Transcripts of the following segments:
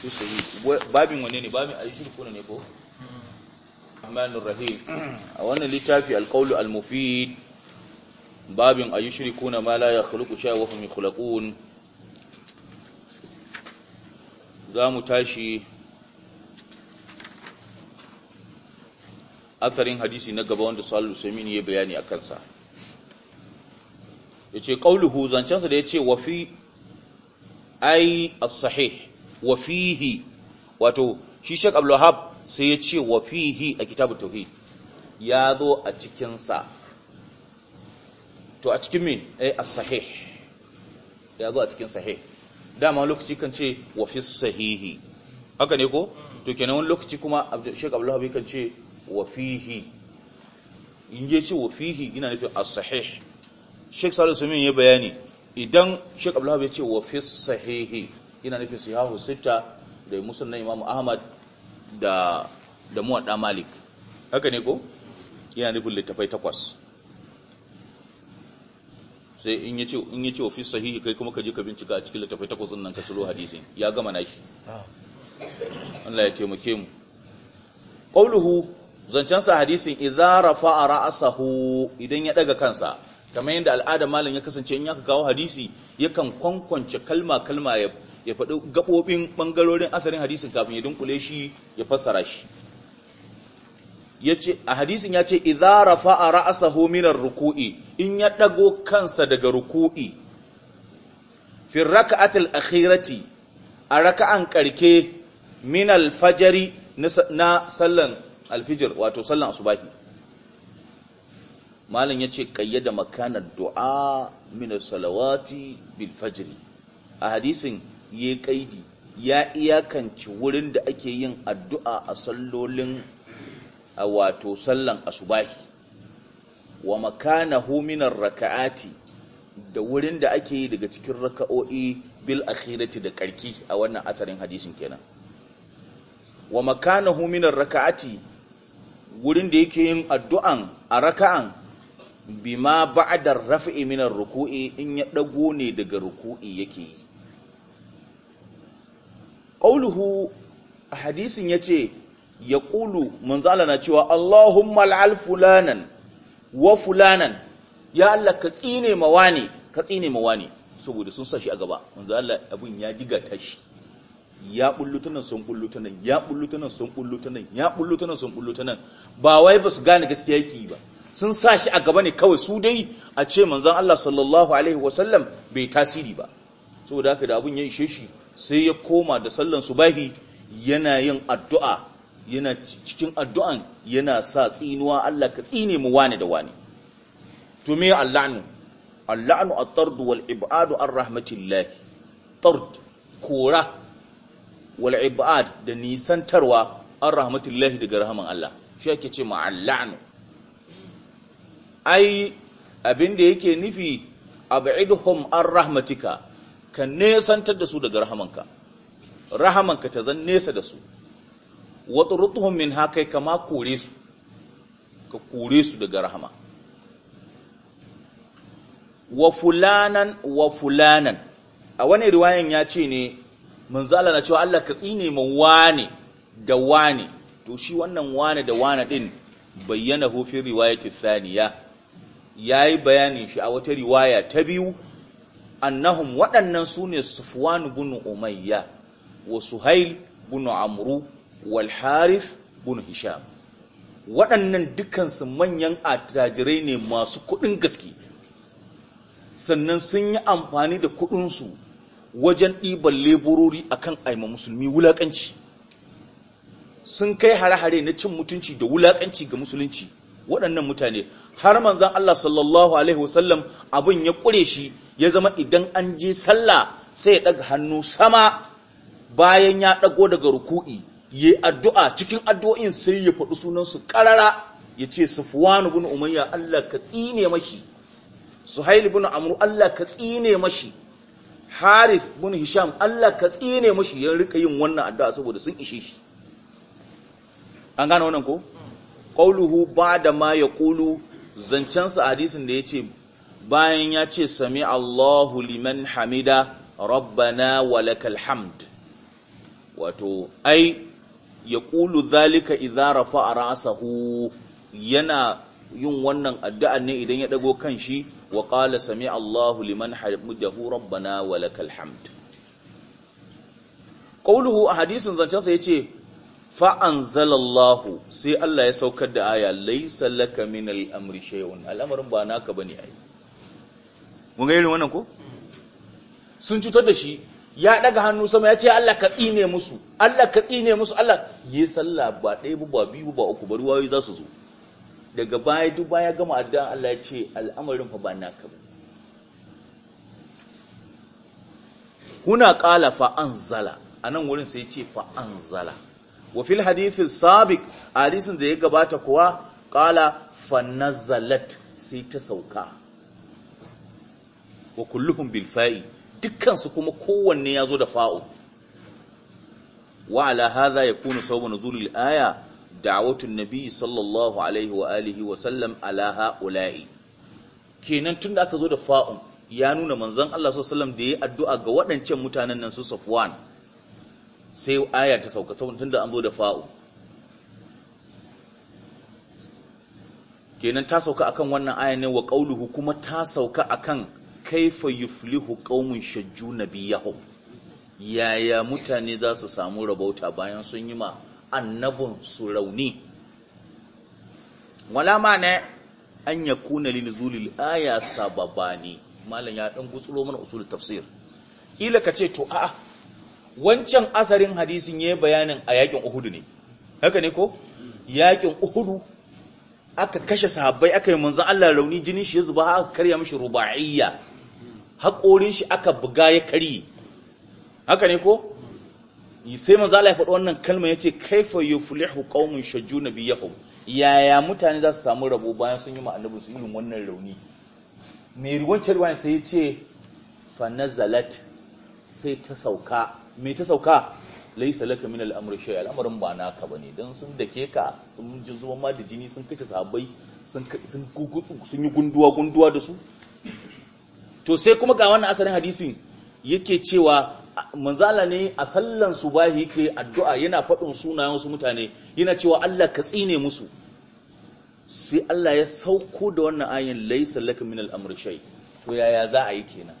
fi sahi babin wane ne babin al-shirku ne ko Rahmanur Rahim a wannan littafi al-qawlu al-mufid babin ayyushrikuna ma la yakhluqu shay'an wa hum yakhluqun zamu tashi asarin hadisi na gaba wanda Sallu Usaimin ya bayani akan sa yace qauluhu zancansa da yace wa fi ai as-sahih wa fihi wato shi Sheikh Abdul Wahab sai ya ce wa fihi a kitabu tauhid ya zo a cikin sa to a cikin min eh as-sahih ya zo a cikin sahih dama lokaci kan ce wa fi sahihi haka ne ko to kenan wani lokaci kuma Sheikh Abdul Wahab kan ce wa fihi in je ce wa fihi yana nufin as-sahih Sheikh Salisu Umin ya bayani idan Sheikh Abdul Wahab ya ce wa fi sahihi ina nufin sihahu sita da musulman na imamu ahmad da da muwadda malik haka ne ko yana nufin littafai takwas sai in yace in yace wa fi sahihi kai kuma ka je ka bincika a cikin littafai takwas din nan ka ciro hadisin ya gama nashi Allah ya taimake mu qauluhu zancan sa hadisin idza rafa'a ra'sahu idan ya daga kansa kamar yadda al'ada malam ya kasance in ya kawo hadisi yakan kwankwance kalma kalma ya ya faɗi gaɓoɓin ɓangarorin asarin hadisin kafin ya dunkule shi ya fassara shi ce a hadisin ya ce idza rafa'a ra'sahu min ruku'i in ya ɗago kansa daga ruku'i fi raka'atil akhirati a raka'an karke min alfajari na sallan alfijir wato sallan asubahi malam yace kayyada makanar du'a min salawati bil fajr a hadisin ya kaidi ya iyakanci wurin da ake yin addu'a a sallolin a wato sallan asubahi wa makana hominar raka'ati da wurin da ake yi daga cikin raka'o'i bil akhirati da karki a wannan asarin hadisin kenan wa makana hominar raka'ati wurin da yake yin addu'an a raka'an bima ba'adar rafi'i minar ruku'i in ya ɗago ne daga ruku'i yake yi ƙauluhu a hadisin ya ce ya ƙulu manzala na cewa Allahumma al'al fulanan wa fulanan ya Allah ka tsine mawa ne ka tsine mawa ne saboda sun sa shi a gaba manzala abin ya jigata shi ya bulluta sun bulluta nan ya bulluta sun bulluta nan ya bulluta sun bulluta nan ba wai ba su gane gaskiya yake yi ba sun sa shi a gaba ne kawai su dai a ce manzan Allah sallallahu alaihi wasallam bai tasiri ba saboda haka da abin ya ishe shi sai ya koma da sallan subahi yana yin addu'a yana cikin addu'an yana sa tsinuwa Allah ka tsine mu wani da wani to me ala'nu alla'nu at-tard wal ib'ad an rahmatillah tard kora wal ib'ad da nisantarwa an rahmatillah daga rahman Allah shi yake ce ma alla'nu ai abin da yake nufi ab'idhum an rahmatika ka nesantar da su daga rahamanka rahamanka ta zan nesa da su rutuhun min haka kama kore su ka kore su daga rahama wa fulanan wa fulanan a wani riwayan ya ce ne manzala na cewa Allah ka tsine mu wane da wane to shi wannan wane da wane din bayyana hufin riwayati Ya yayi bayanin shi a wata riwaya ta biyu annahum waɗannan su ne sufwan bin umayya wa suhail bin amru wal harith bin hisham waɗannan dukansu manyan attajirai ne masu kuɗin gaske sannan sun yi amfani da kuɗinsu wajen ɗiban leburori akan aima musulmi wulaƙanci sun kai hare-hare na cin mutunci da wulaƙanci ga musulunci waɗannan mutane har manzan Allah sallallahu Alaihi wasallam abin ya ƙure shi ya zama idan an je sallah sai ya ɗaga hannu sama bayan ya ɗago daga ruku'i ya addu'a cikin addu'o'in sai ya faɗi sunansu ƙarara ya ce sufuwanu bin umayya Allah ka tsine mashi suhail bin amru Allah ka tsine mashi haris bin hisham Allah ka tsine mashi ya rika yin wannan addu'a saboda sun ishe shi an gane wannan ko ƙauluhu ba da ma ya ƙulu zancensa hadisin da ya ce. bayan ya ce sami Allahu liman hamida rabbana walakal hamd wato ai ya ƙulu zalika idza rafa'a ra'sahu yana yin wannan addu'a ne idan ya kan kanshi wa ƙala sami Allahu liman hamidahu rabbana walakal hamd qawluhu a hadisin zancensa ce fa anzalallahu sai Allah ya saukar da aya laisa laka min al-amri shay'un al'amarin ba naka bane ai mun ga irin wannan ko sun cutar da shi ya daga hannu sama ya ce Allah ka tsine musu Allah ka tsine musu Allah yi sallah ba ɗaya ba biyu ba uku bari wayoyi za su zo daga baya duk baya gama addu'a Allah ya ce al'amarin fa ba naka ba huna qala fa anzala anan wurin sai ce fa anzala wa fil hadith sabiq hadisin da ya gabata kuwa qala fa nazalat sai ta sauka wa kulluhum bil fa'i dukkansu kuma kowanne ya zo da fa'u wa ala hadha yakunu sawbu al aya da'watun nabiy sallallahu alaihi wa alihi wa sallam ala ha'ula'i kenan tunda aka zo da fa'u ya nuna manzon Allah sallallahu alaihi wasallam da yayi addu'a ga waɗancan mutanen nan su Safwan sai aya ta sauka tunda an zo da fa'u kenan ta sauka akan wannan aya ne wa qauluhu kuma ta sauka akan kaifa yuflihu qaumun shajju nabiyahum yaya mutane za su samu rabauta bayan sun yi ma annabin su rauni wala ma ne an yakuna lilzulil aya sababani malam ya dan gutsuro mana usul tafsir kila kace to a'a wancan asarin hadisin yayi bayanin a yakin Uhud ne haka ne ko yakin Uhud aka kashe sahabbai aka yi manzon Allah rauni jinin shi ya zuba aka karya mashi ruba'iyya haƙorin shi aka buga ya kari haka ne ko sai manzo Allah ya faɗi wannan kalma yace kaifa yuflihu qaumun shajuna biyahum yaya mutane za su samu rabo bayan sun yi ma'anabin sun yi wannan rauni mai ruwan cewa sai ya ce fanazalat sai ta sauka me ta sauka lai salaka min al ba na al'amarin ba ne bane dan da dake ka sun ji zuwa ma da jini sun kashe sabai sun yi gunduwa gunduwa da su to sai kuma ga wannan asalin hadisin yake cewa manzala ne a sallan subahi yake addu'a yana faɗin sunayen wasu mutane yana cewa Allah ka tsine musu sai Allah ya sauko da wannan ayin laysa laka min al amr shay to yaya za a yi kenan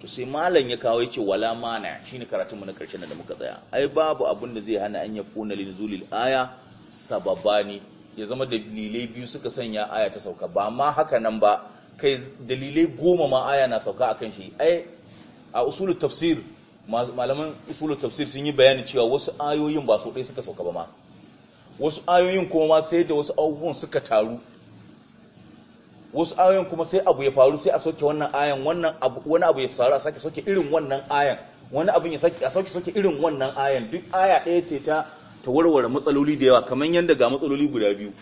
to sai malam ya kawo yace wala mana shine karatunmu na karshen da muka tsaya ai babu abin da zai hana an ya kuna linzulil aya sababani ya zama dalilai biyu suka sanya aya ta sauka ba ma haka nan ba kai dalilai goma ma aya na sauka a kan shi ai a usulun tafsir malaman usulun tafsir sun yi bayani cewa wasu ayoyin ba su ɗaya suka sauka ba ma wasu ayoyin kuma ma sai da wasu abubuwan suka taru wasu ayoyin kuma sai abu ya faru sai a sauke wannan ayan wannan abu wani abu ya faru a sake sauke irin wannan ayan wani abu ya sake a sauke sauke irin wannan ayan duk aya ɗaya ce ta ta warware matsaloli da yawa kamar yadda ga matsaloli guda biyu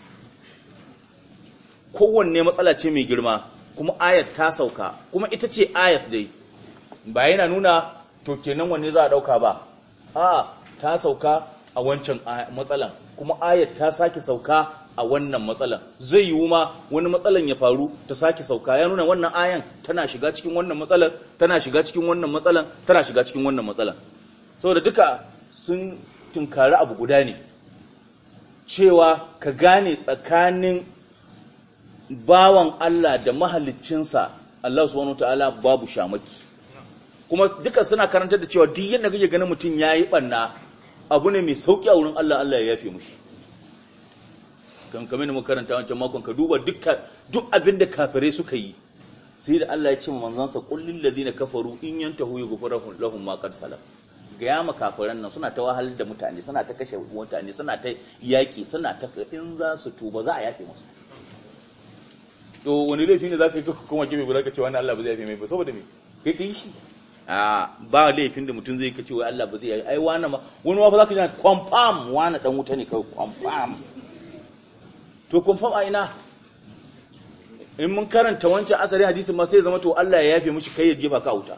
kowanne matsala ce mai girma kuma ayat ta sauka kuma ita ce ayat dai ba yana nuna to kenan wanne za a dauka ba a ta sauka a wancan matsalan kuma ayat ta sake sauka a wannan matsalan zai yiwu ma wani matsalan ya faru ta sake sauka ya nuna wannan ayan tana shiga cikin wannan matsalan tana shiga cikin wannan matsalan tana shiga cikin wannan matsalan saboda duka sun tunkari abu guda ne cewa ka gane tsakanin bawan Allah da mahaliccinsa Allah subhanahu ta'ala babu shamaki kuma duka suna karantar da cewa duk yadda kake ganin mutum yi banna abu ne mai sauki a wurin Allah Allah ya yafe mushi kan kamin mu karanta wancan makon ka duba duk abin da kafirai suka yi sai da Allah ya ce manzansa kullil ladina kafaru in yantahu yughfaru lahum ma qad salam ga ya kafiran nan suna ta wahalar da mutane suna ta kashe mutane suna ta yaki suna ta in za su tuba za a yafe musu to wani laifi ne za ka yi kuma gefe guda ka ce wani Allah ba zai yafe mai ba saboda me kai ka yi shi a ba laifin da mutum zai kace wai Allah ba zai yafe ai wani ma wani ma za ka ji confirm wani dan wuta ne kawai confirm to confirm a ina in mun karanta wancan asari hadisin ma sai zama to Allah ya yafe mishi kai ya jefa ka wuta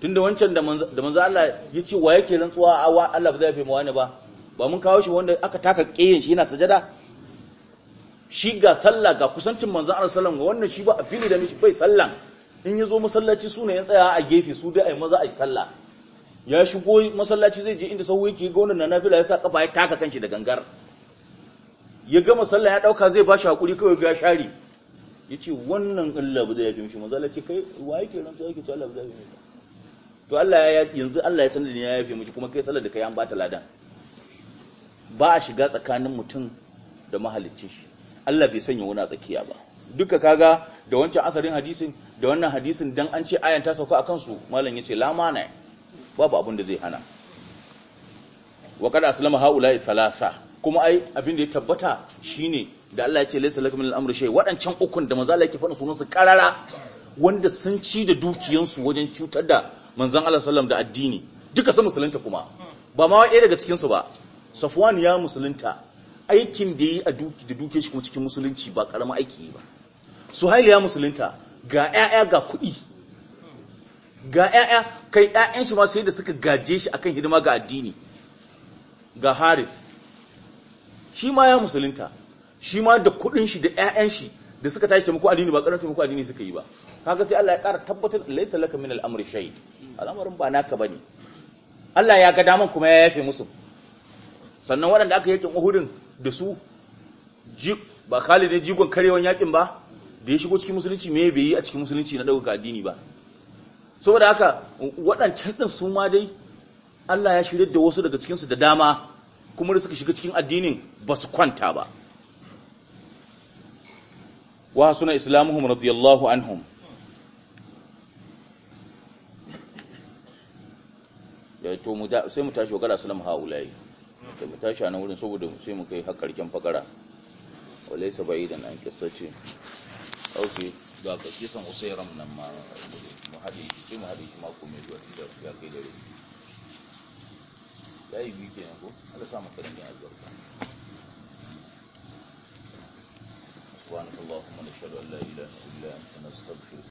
tunda wancan da manzo Allah ya ce wa yake rantsuwa Allah ba zai yafe mu wani ba ba mun kawo shi wanda aka taka kiyin shi yana sajada shi ga sallah ga kusancin manzon Allah sallallahu alaihi wannan shi ba a fili da mishi bai sallah in yazo masallaci sune ya tsaya a gefe su dai ai maza ai sallah ya shigo masallaci zai je inda sahu yake ga wannan nafila ya sa kafa ya taka kanshi da gangar ya gama sallah ya dauka zai bashi hakuri kawai ga shari yace wannan Allah ba zai yafe mishi manzon Allah ce kai wa yake ranta yake ce Allah ba zai yafi to Allah ya yanzu Allah ya san da ni ya yafe miki kuma kai sallar da kai an bata ladan ba a shiga tsakanin mutum da mahalicci shi Allah bai sanya wani a tsakiya ba duka kaga da wancan asarin hadisin da wannan hadisin dan an ce ayan ta sauka akan su malam yace la mana babu abin da zai hana Waƙar qad aslama haula'i thalatha kuma ai abin da ya tabbata shine da Allah ya ce laysa lakum min al-amri wadancan ukun da manzo Allah yake faɗin sunan su karara wanda sun ci da dukiyansu wajen cutar da manzon Allah sallallahu da addini duka sun musulunta kuma ba ma wai daga cikin su ba Safwan ya musulunta aikin da yi da duke shi kuma cikin musulunci ba karamin aiki ba suhail ya musulunta ga 'ya'ya ga kuɗi ga 'ya'ya kai 'ya'yan shi ma sai da suka gaje shi akan hidima ga addini ga harith shi ma ya musulunta shi ma da kuɗin shi da 'ya'yan shi da suka tashi taimako addini ba ƙaramin taimako addini suka yi ba kaga sai Allah ya ƙara tabbatar da laysa laka min al-amri shay al'amarin ba naka bane Allah ya ga daman kuma ya yafe musu sannan waɗanda aka yakin Uhudin da su ba Khalid ne jigon karewan yakin ba da ya shigo cikin musulunci mai bai yi a cikin musulunci na dauka addini ba saboda haka waɗancan ɗin su ma dai Allah ya shirya da wasu daga cikinsu da dama kuma da suka shiga cikin addinin ba su kwanta ba wa suna islamuhum radiyallahu anhum ya to mu sai mu tashi wa haulayi da mu tashi a nan wurin saboda sai mu kai har karken fakara walai saba'i da nan kissa ce ok ga ka kisan usairam nan ma mu haɗe shi sai mu haɗe shi mako mai zuwa inda ya kai dare ya yi biyu kenan ko Allah sa mu karin yin albarka سبحانك اللهم نشهد ان لا اله الا انت نستغفرك